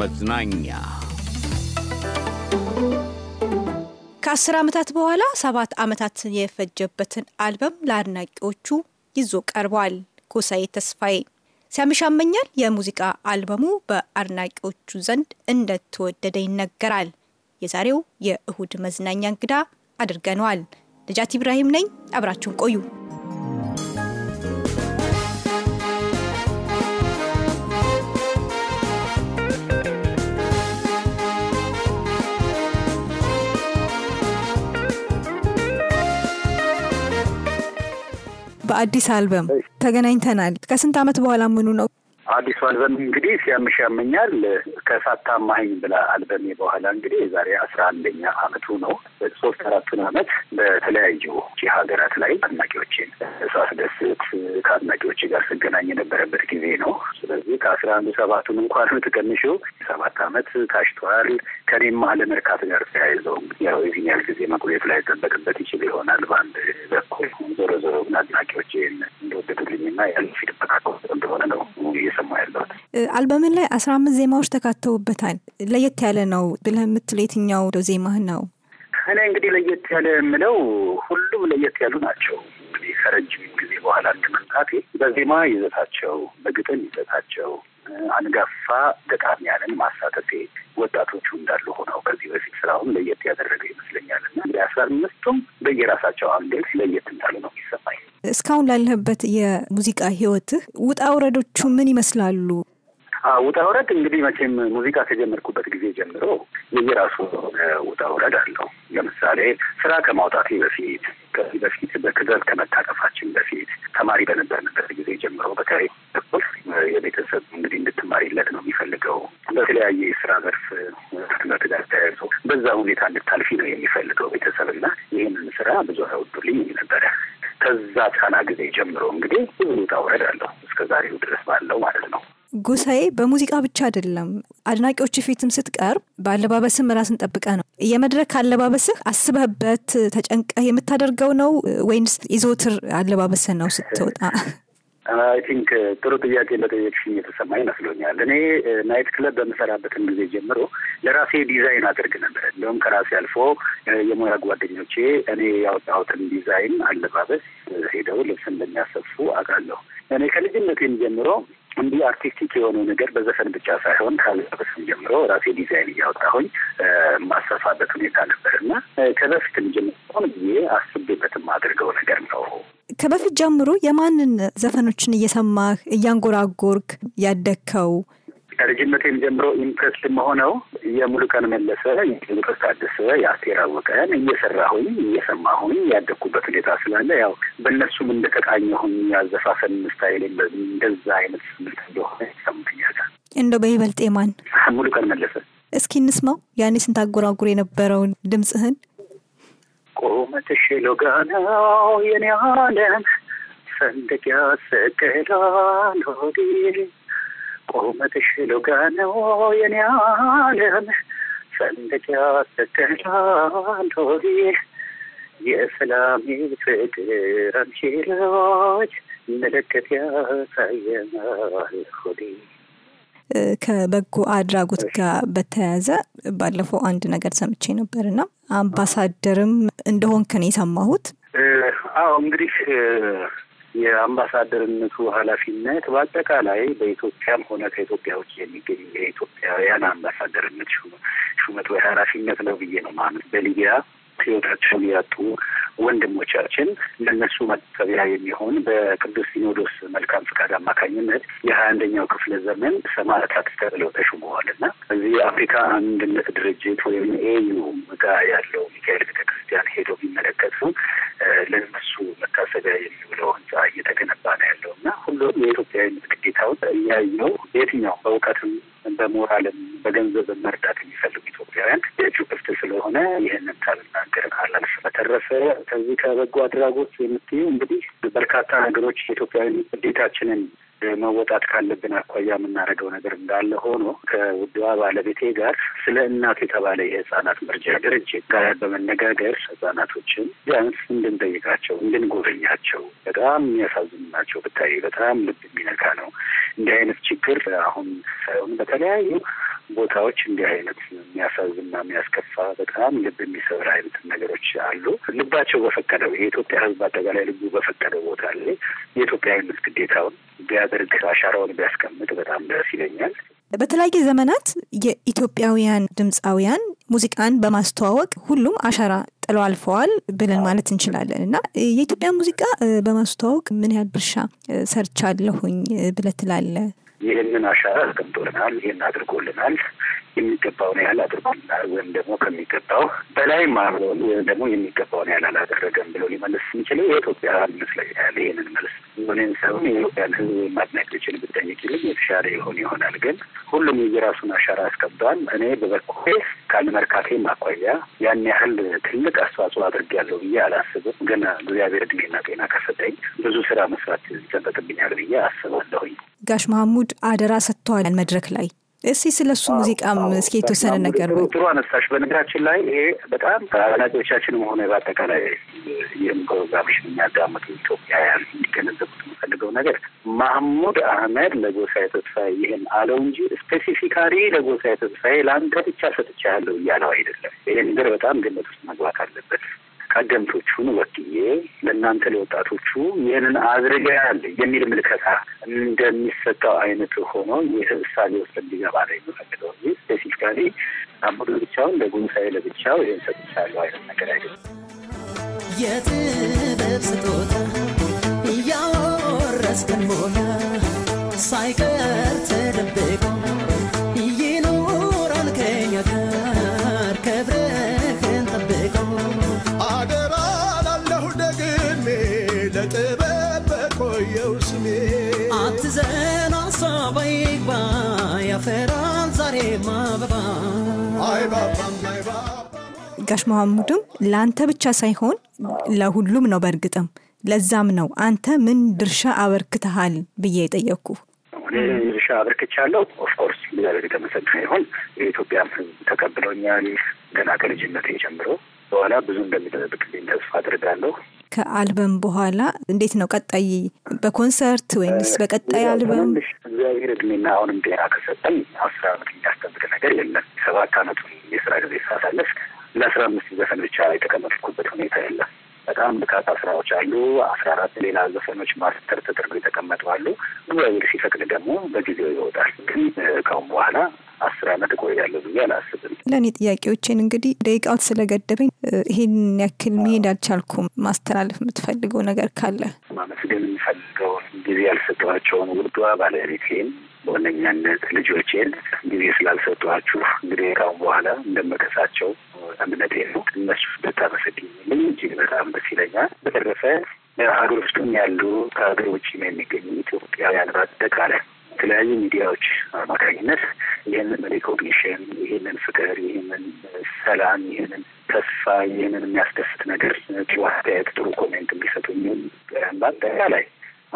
መዝናኛ ከአስር ዓመታት በኋላ ሰባት ዓመታት የፈጀበትን አልበም ለአድናቂዎቹ ይዞ ቀርቧል። ጎሳዬ ተስፋዬ ሲያመሻመኛል የሙዚቃ አልበሙ በአድናቂዎቹ ዘንድ እንደተወደደ ይነገራል። የዛሬው የእሁድ መዝናኛ እንግዳ አድርገነዋል። ነጃት ኢብራሂም ነኝ። አብራችሁን ቆዩ። በአዲስ አልበም ተገናኝተናል። ከስንት ዓመት በኋላ ምኑ ነው? አዲሱ አልበም እንግዲህ ሲያምሽ ያመኛል ከሳታማኸኝ ብላ አልበሜ በኋላ እንግዲህ የዛሬ አስራ አንደኛ አመቱ ነው። ሶስት አራቱን አመት በተለያዩ ሀገራት ላይ አድናቂዎቼን ደስት ከአድናቂዎቼ ጋር ስገናኝ የነበረበት ጊዜ ነው። ስለዚህ ከአስራ አንዱ ሰባቱን እንኳን ትቀንሹ ሰባት አመት ታሽቷል። ከኔም አለመርካት ጋር ተያይዘው ያው የትኛል ጊዜ መቆየት ላይ ጠበቅበት ይችል ይሆናል በአንድ በኩል ዞሮ ዞሮ ግን አድናቂዎቼን እንደወደዱልኝና ያሉ ፊድበቃ እንደሆነ ነው አልበምን ላይ አስራ አምስት ዜማዎች ተካተውበታል። ለየት ያለ ነው ብለህ የምትል የትኛው ዜማህ ነው? እኔ እንግዲህ ለየት ያለ የምለው ሁሉም ለየት ያሉ ናቸው። እንግዲህ ከረጅም ጊዜ በኋላ እንደመምጣቴ በዜማ ይዘታቸው፣ በግጥም ይዘታቸው አንጋፋ ያለን ማሳተፌ ወጣቶቹ እንዳሉ ሆነው ከዚህ በፊት ስራውን ለየት ያደረገ ይመስለኛል እና እንግዲህ አስራ አምስቱም በየራሳቸው አንግል ለየት እንዳሉ ነው የሚሰማኝ። እስካሁን ላለህበት የሙዚቃ ህይወትህ ውጣ ውረዶቹ ምን ይመስላሉ? ውጣ ውረድ እንግዲህ መቼም ሙዚቃ ከጀመርኩበት ጊዜ ጀምሮ የየራሱ ውጣ ውረድ አለው። ለምሳሌ ስራ ከማውጣት በፊት ከዚህ በፊት በክዘል ከመታቀፋችን በፊት ተማሪ በነበርንበት ጊዜ ጀምሮ በተለይ በኩል የቤተሰብ እንግዲህ እንድትማሪለት ነው የሚፈልገው። በተለያየ የስራ ዘርፍ ትምህርት ጋር ተያይዞ በዛ ሁኔታ እንድታልፊ ነው የሚፈልገው ቤተሰብ ቤተሰብና ይህንን ስራ ብዙ አይወዱልኝ ነበረ። ከዛ ጫና ጊዜ ጀምሮ እንግዲህ ብዙ ውጣ ውረድ አለው እስከ ዛሬው ድረስ ባለው ማለት ነው። ጉሳዬ በሙዚቃ ብቻ አይደለም አድናቂዎች ፊትም ስትቀርብ በአለባበስም ራስን ጠብቀ ነው። የመድረክ አለባበስህ አስበህበት ተጨንቀህ የምታደርገው ነው ወይንስ ይዞትር አለባበስ ነው ስትወጣ? አይ ቲንክ ጥሩ ጥያቄ እንደጠየቅሽኝ የተሰማ ይመስሎኛል። እኔ ናይት ክለብ በምሰራበትም ጊዜ ጀምሮ ለራሴ ዲዛይን አድርግ ነበር። እንዲሁም ከራሴ አልፎ የሙያ ጓደኞቼ እኔ ያወጣሁትን ዲዛይን አለባበስ ሄደው ልብስ እንደሚያሰፉ አውቃለሁ። እኔ ከልጅነቴም ጀምሮ እንዲህ አርቲስቲክ የሆነ ነገር በዘፈን ብቻ ሳይሆን ካለበስም ጀምሮ ራሴ ዲዛይን እያወጣሁኝ ማሰፋበት ሁኔታ ነበር እና ከበፊትም ጀምሮን ጊዜ አስቤበትም አድርገው ነገር ነው። ከበፊት ጀምሮ የማንን ዘፈኖችን እየሰማህ እያንጎራጎርክ ያደግከው? ከልጅነቴም ጀምሮ ኢንትረስት መሆነው የሙሉቀን መለሰ፣ የቴዎድሮስ ታደሰ፣ የአስቴር አወቀን እየሰራሁኝ እየሰማሁኝ ያደግኩበት ሁኔታ ስላለ ያው በእነሱም እንደተቃኘሁኝ ያዘፋፈን ስታይል እንደዛ አይነት ስምልት እንደሆነ ይሰሙትኛል። እንደው በይበልጥ የማን ሙሉቀን መለሰ እስኪ እንስማው። ያኔ ስንታጎራጉር የነበረውን ድምፅህን ቆመትሽ ሎጋናው የኔ አለም ሰንደቅ ያሰቀላል ሆዴ ቁመትሽ ሉጋነ የኔ ዓለም ፍቅር ምልክት ያሳየናል ከበጎ አድራጎት ጋር በተያያዘ ባለፈው አንድ ነገር ሰምቼ ነበርና አምባሳደርም እንደሆንክ ነው የሰማሁት። አዎ እንግዲህ የአምባሳደርነቱ ኃላፊነት በአጠቃላይ በኢትዮጵያም ሆነ ከኢትዮጵያ ውጭ የሚገኝ የኢትዮጵያውያን አምባሳደርነት ሹመት ወይ ኃላፊነት ነው ብዬ ነው ማለት በሊቢያ ህይወታቸውን ያጡ ወንድሞቻችን ለእነሱ መጠቢያ የሚሆን በቅዱስ ሲኖዶስ መልካም ፍቃድ አማካኝነት የሀያ አንደኛው ክፍለ ዘመን ሰማዕታት ተብለው ተሹመዋል እና እዚህ የአፍሪካ አንድነት ድርጅት ወይም ኤዩ ጋር ያለው ሚካኤል ቤተክርስቲያን ሄዶ ቢመለከቱ ለነሱ መታሰቢያ የኢትዮጵያዊነት ግዴታውን እያየው የትኛው በእውቀትም በሞራልም በገንዘብም መርዳት የሚፈልጉ ኢትዮጵያውያን እጁ ክፍት ስለሆነ ይህንን ሳልናገር አላልፍ። በተረፈ ከዚህ ከበጎ አድራጎት የምትይው እንግዲህ በርካታ ነገሮች የኢትዮጵያዊነት ግዴታችንን መወጣት ካለብን አኳያ የምናደርገው ነገር እንዳለ ሆኖ ከውድዋ ባለቤቴ ጋር ስለ እናቱ የተባለ የህጻናት መርጃ ድርጅት ጋር በመነጋገር ህጻናቶችን ቢያንስ እንድንጠይቃቸው፣ እንድንጎበኛቸው በጣም የሚያሳዝኑ ናቸው። ብታይ በጣም ልብ የሚነካ ነው። እንዲህ አይነት ችግር አሁን ሳይሆን በተለያዩ ቦታዎች እንዲህ አይነት የሚያሳዝና የሚያስከፋ በጣም ልብ የሚሰብር አይነት ነገሮች አሉ። ልባቸው በፈቀደው የኢትዮጵያ ሕዝብ አጠቃላይ ልቡ በፈቀደው ቦታ ላይ የኢትዮጵያዊነት ግዴታውን ቢያደርግ አሻራውን ቢያስቀምጥ በጣም ደስ ይለኛል። በተለያየ ዘመናት የኢትዮጵያውያን ድምፃውያን ሙዚቃን በማስተዋወቅ ሁሉም አሻራ ጥለው አልፈዋል ብለን ማለት እንችላለን እና የኢትዮጵያ ሙዚቃ በማስተዋወቅ ምን ያህል ብርሻ ሰርቻለሁኝ ብለህ ትላለህ? ይህንን አሻራ አስቀምጦልናል፣ ይህን አድርጎልናል፣ የሚገባውን ያህል አድርጎልናል ወይም ደግሞ ከሚገባው በላይ ማለሆን ወይም ደግሞ የሚገባውን ያህል አላደረገም ብሎ ሊመልስ የሚችለው የኢትዮጵያ ይመስለኛል። ይህንን መልስ ሆኔን ሰውን የኢትዮጵያን ሕዝብ ወይም አድናቂዎችን ብጠይቅ ይልኝ የተሻለ የሆን ይሆናል። ግን ሁሉም የየራሱን አሻራ አስቀምጧል። እኔ በበኩሌ ከመርካቴም አኳያ ያን ያህል ትልቅ አስተዋጽኦ አድርጌያለሁ ብዬ አላስብም። ግን እግዚአብሔር እድሜና ጤና ከሰጠኝ ብዙ ስራ መስራት ይጠበቅብኛል ብዬ አስባለሁኝ። ጋሽ መሐሙድ አደራ ሰጥተዋል መድረክ ላይ። እስቲ ስለ እሱ ሙዚቃም እስኪ የተወሰነ ነገር ነው። ጥሩ አነሳሽ። በነገራችን ላይ ይሄ በጣም አድናቂዎቻችንም ሆነ በአጠቃላይ ይህም ፕሮግራምሽን የሚያዳምጡ ኢትዮጵያውያን እንዲገነዘቡት የምፈልገው ነገር ማህሙድ አህመድ ለጎሳዬ ተስፋዬ ይህን አለው እንጂ ስፔሲፊካሪ ለጎሳዬ ተስፋዬ ለአንተ ብቻ ሰጥቻለሁ እያለው አይደለም። ይሄ ነገር በጣም ግምት ውስጥ መግባት አለበት። ቀደምቶቹን ወክዬ ለእናንተ ለወጣቶቹ ይህንን አድርጋ ያለ የሚል ምልከታ እንደሚሰጠው አይነት ሆኖ ይህ እሳቤ ውስጥ እንዲገባ ነው የምፈልገው እ ስፔሲፊካሊ አምዱ ብቻውን ለጉንሳኤ ለብቻው ይህን ሰጥቻለሁ አይነት ነገር አይደለም። የጥበብ ስጦታ እያወረስክን ሆነ ሳይቀር ተደብቆ ጋሽ መሐሙድም ለአንተ ብቻ ሳይሆን ለሁሉም ነው። በእርግጥም ለዛም ነው አንተ ምን ድርሻ አበርክተሃል ብዬ የጠየቅኩ። ድርሻ አበርክቻለሁ። ኦፍኮርስ እግዚአብሔር የተመሰገነ ይሁን። የኢትዮጵያም ሕዝብ ተቀብሎኛል። ገና ከልጅነት ጀምሮ በኋላ ብዙ እንደሚጠበቅልኝ ተስፋ አድርጋለሁ። ከአልበም በኋላ እንዴት ነው ቀጣይ? በኮንሰርት ወይምስ በቀጣይ አልበም? እግዚአብሔር እድሜና አሁንም ጤና ከሰጠኝ አስር አመት የሚያስጠብቅ ነገር የለም። ሰባት አመቱን የስራ ጊዜ ሳሳለፍ ለአስራ አምስት ዘፈን ብቻ የተቀመጥኩበት ሁኔታ የለም። በጣም በርካታ ስራዎች አሉ። አስራ አራት ሌላ ዘፈኖች ማስተር ተደርገው የተቀመጡ አሉ። እግዚአብሔር ሲፈቅድ ደግሞ በጊዜው ይወጣል። ግን ካሁን በኋላ አስር አመት እቆያለሁ ብዬ አላስብም። ለእኔ ጥያቄዎችን እንግዲህ ደቂቃዎች ስለገደበኝ ይሄን ያክል መሄድ አልቻልኩም። ማስተላለፍ የምትፈልገው ነገር ካለ ማመስገን የምፈልገው ጊዜ ያልሰጠኋቸውን ውዷ ባለቤቴን በዋነኛነት ልጆቼን ጊዜ ስላልሰጧችሁ እንግዲህ ካሁን በኋላ እንደመከሳቸው እምነት የሉ እነሱ ብታመሰግኝ ምን እጅግ በጣም ደስ ይለኛል። በተረፈ ሀገር ውስጥም ያሉ ከሀገር ውጭም የሚገኙ ኢትዮጵያውያን በአጠቃላይ የተለያዩ ሚዲያዎች አማካኝነት ይህንን ሪኮግኒሽን፣ ይህንን ፍቅር፣ ይህንን ሰላም፣ ይህንን ተስፋ፣ ይህንን የሚያስደስት ነገር ጥሩ አስተያየት፣ ጥሩ ኮሜንት እንዲሰጡ በአጠቃላይ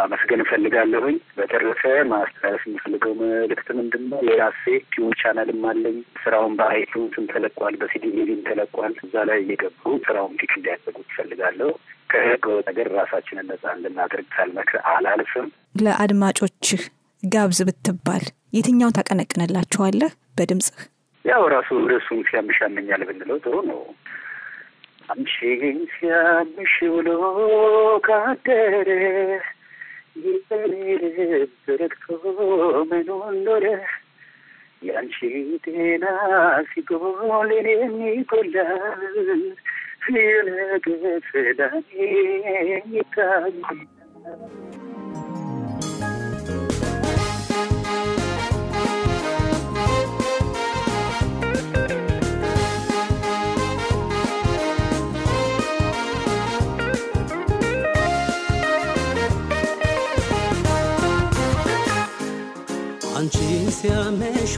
ማመስገን እፈልጋለሁኝ። በተረፈ ማስተላለፍ የምፈልገው መልእክት ምንድን ነው? የራሴ ዩቲዩብ ቻናልም አለኝ። ስራውን በአይቱን ተለቋል፣ በሲዲ ሌቪን ተለቋል። እዛ ላይ እየገቡ ስራውን ፒክ እንዲያደርጉት እፈልጋለሁ። ከህገወጥ ነገር ራሳችንን ነጻ እንድናደርግ ሳልመክር አላልፍም። ለአድማጮች ጋብዝ ብትባል የትኛውን ታቀነቅንላችኋለህ በድምፅህ? ያው ራሱ ርዕሱን ሲያምሽ ያመኛል ብንለው ጥሩ ነው። አምሽኝ ሲያምሽ ውሎ ካደረ ይበልጥ ረግቶ መኖር ያንቺ ጤና ሲጎል እኔም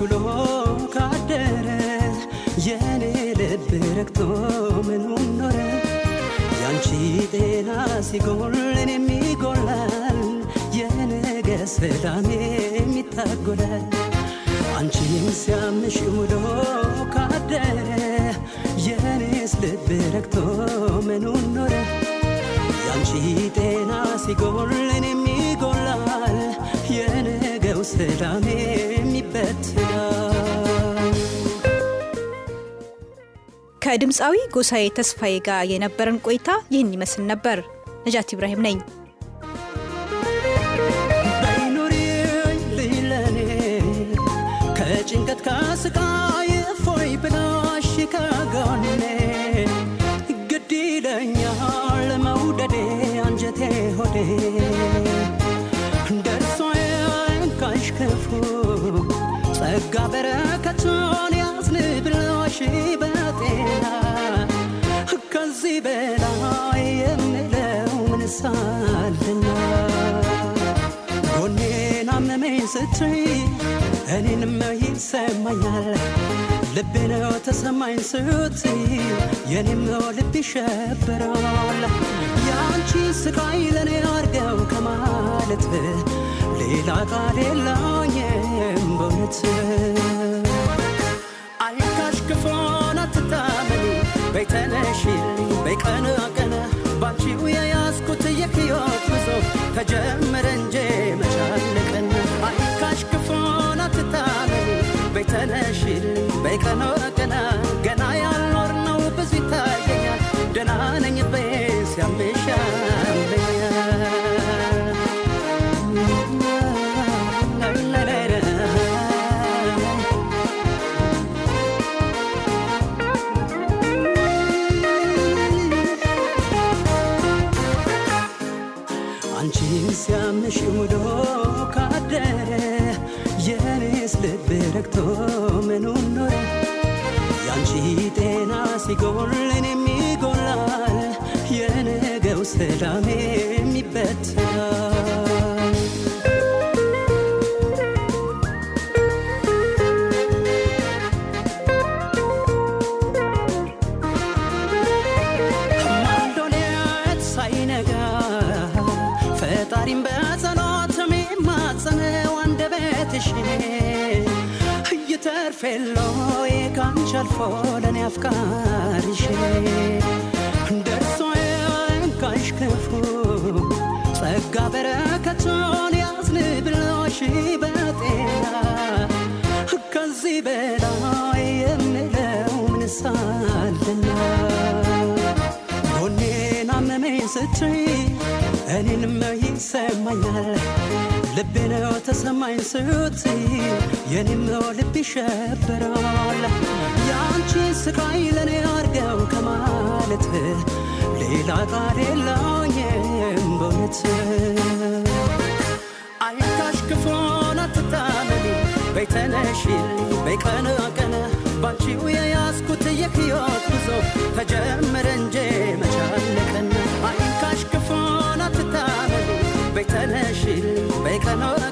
ችሎ ካደረ የኔ ልብ ረግቶ ምኑ ኖረ? ያንቺ ጤና ሲጎል እኔም ይጎላል፣ የነገ ሰላሜ የሚታጎላል። አንቺም ሲያምሽ ውሎ ካደረ የኔስ ልብ ረግቶ ምኑ ኖረ? ያንቺ ጤና ሲጎል እኔም ይጎላል ሰላሜ ይበትናል። ከድምፃዊ ጎሳዬ ተስፋዬ ጋር የነበረን ቆይታ ይህን ይመስል ነበር። ነጃት ኢብራሂም ነኝ። ባይኖሬ ልለኔ ከጭንቀት ካስቃ በጤና ከዚህ በላይ የምለው ምንሳልና ጎኔን አመመኝ ስትሪ እኔንም ይሰማኛል ልቤ ነው ተሰማኝ ስት የኔም ልብ ይሸብራል የአንቺ ስቃይ ለኔ አርገው ከማለት ሌላ ቃል የለኝም በእውነት beklenişi አልፎ ለእኔ አፍቃሪሽ ደርሶ ያንካሽ ክፉ ጸጋ በረከቱን ያዝንብሎሽ በጤና ከዚህ በላይ የምለው ምንሳልና ጎኔን አመመኝ ስትይ እኔን ይሰማኛል ልቤ ነው ተሰማኝ ስት የኔም ነው ልብ ይሸበራል የአንቺ ስቃይ ለእኔ አርገው ከማለት ሌላ ቃል የለኝም በእውነት አይታሽ ክፉን አትታመኒ በይተነሽ በይቀነ ቀነ ባንቺው የያዝኩት የህይወት ጉዞ ተጀመረ እንጂ መቻለቀን አይታሽ ክፉ ተነሽ በቀኖ